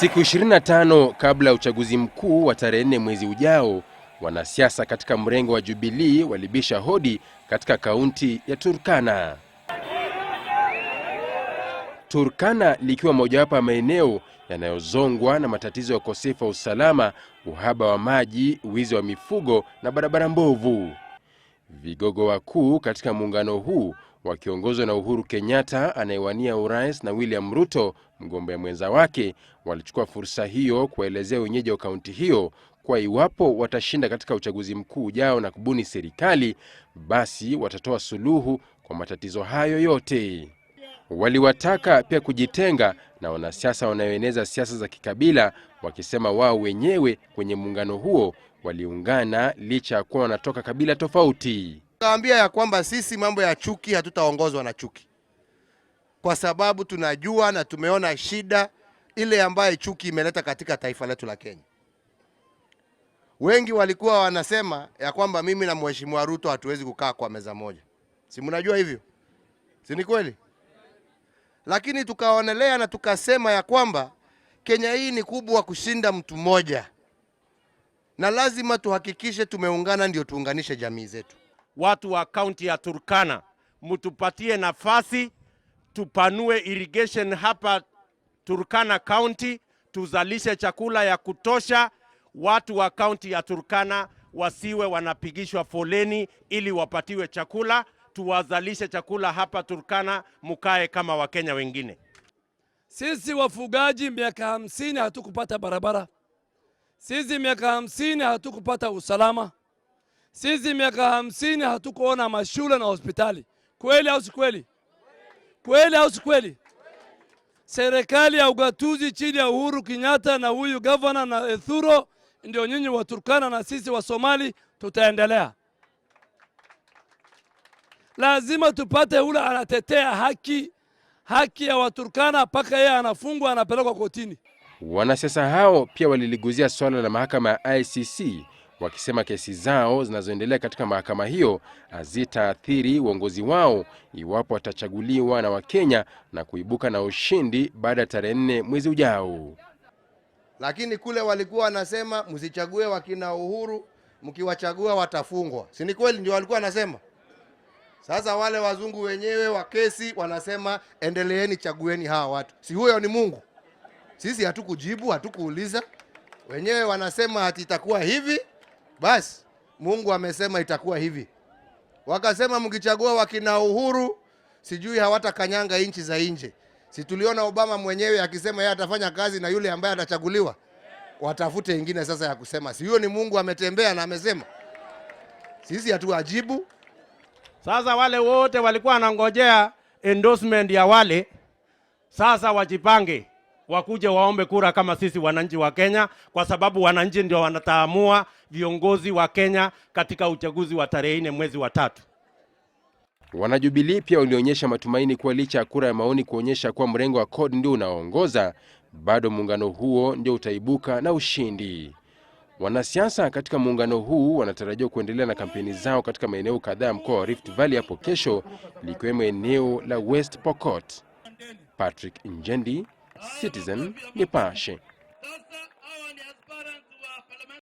Siku 25 kabla ya uchaguzi mkuu wa tarehe 4 mwezi ujao, wanasiasa katika mrengo wa Jubilee walibisha hodi katika kaunti ya Turkana. Turkana likiwa mojawapo ya maeneo yanayozongwa na matatizo ya ukosefu wa usalama, uhaba wa maji, wizi wa mifugo na barabara mbovu. Vigogo wakuu katika muungano huu wakiongozwa na Uhuru Kenyatta anayewania urais na William Ruto, mgombea mwenza wake, walichukua fursa hiyo kuwaelezea wenyeji wa kaunti hiyo kwa iwapo watashinda katika uchaguzi mkuu ujao na kubuni serikali, basi watatoa suluhu kwa matatizo hayo yote. Waliwataka pia kujitenga na wanasiasa wanayoeneza siasa za kikabila, wakisema wao wenyewe kwenye muungano huo waliungana licha ya kuwa wanatoka kabila tofauti. Kaambia ya kwamba sisi mambo ya chuki hatutaongozwa na chuki, kwa sababu tunajua na tumeona shida ile ambayo chuki imeleta katika taifa letu la Kenya. Wengi walikuwa wanasema ya kwamba mimi na Mheshimiwa Ruto hatuwezi kukaa kwa meza moja, si mnajua hivyo, si ni kweli? Lakini tukaonelea na tukasema ya kwamba Kenya hii ni kubwa kushinda mtu mmoja, na lazima tuhakikishe tumeungana, ndio tuunganishe jamii zetu watu wa kaunti ya Turkana, mtupatie nafasi tupanue irrigation hapa Turkana County, tuzalishe chakula ya kutosha. Watu wa kaunti ya Turkana wasiwe wanapigishwa foleni ili wapatiwe chakula, tuwazalishe chakula hapa Turkana, mukae kama Wakenya wengine. Sisi wafugaji miaka hamsini hatukupata barabara, sisi miaka hamsini hatukupata usalama, sisi miaka hamsini hatukuona mashule na hospitali, kweli au si kweli? Kweli au si kweli? Serikali ya ugatuzi chini ya Uhuru Kenyatta na huyu gavana na Ethuro, ndio nyinyi Waturkana na sisi wa Somali tutaendelea. Lazima tupate ule anatetea haki haki ya Waturkana mpaka yeye anafungwa, anapelekwa kotini. Wanasiasa hao pia waliliguzia swala la mahakama ya ICC wakisema kesi zao zinazoendelea katika mahakama hiyo hazitaathiri uongozi wao iwapo watachaguliwa na Wakenya na kuibuka na ushindi baada ya tarehe nne mwezi ujao. Lakini kule walikuwa wanasema msichague wakina Uhuru, mkiwachagua watafungwa, si ni kweli? Ndio walikuwa wanasema. Sasa wale wazungu wenyewe wa kesi wanasema endeleeni, chagueni hawa watu. Si huyo ni Mungu? Sisi hatukujibu, hatukuuliza. Wenyewe wanasema hati itakuwa hivi. Basi Mungu amesema itakuwa hivi. Wakasema mkichagua wakina Uhuru sijui hawatakanyanga nchi za nje. Si tuliona Obama mwenyewe akisema yeye atafanya kazi na yule ambaye atachaguliwa, watafute ingine sasa ya kusema. Si huyo ni Mungu ametembea na amesema, sisi hatuajibu. Sasa wale wote walikuwa wanangojea endorsement ya wale, sasa wajipange wakuje waombe kura kama sisi wananchi wa Kenya, kwa sababu wananchi ndio wanataamua viongozi wa Kenya katika uchaguzi wa tarehe nne mwezi wa tatu. Wanajubilii pia walionyesha matumaini kuwa licha ya kura ya maoni kuonyesha kuwa mrengo wa CORD ndio unaoongoza, bado muungano huo ndio utaibuka na ushindi. Wanasiasa katika muungano huu wanatarajiwa kuendelea na kampeni zao katika maeneo kadhaa ya mkoa wa Rift Valley hapo kesho, likiwemo eneo la West Pokot. Patrick Njendi, Citizen n'est pas un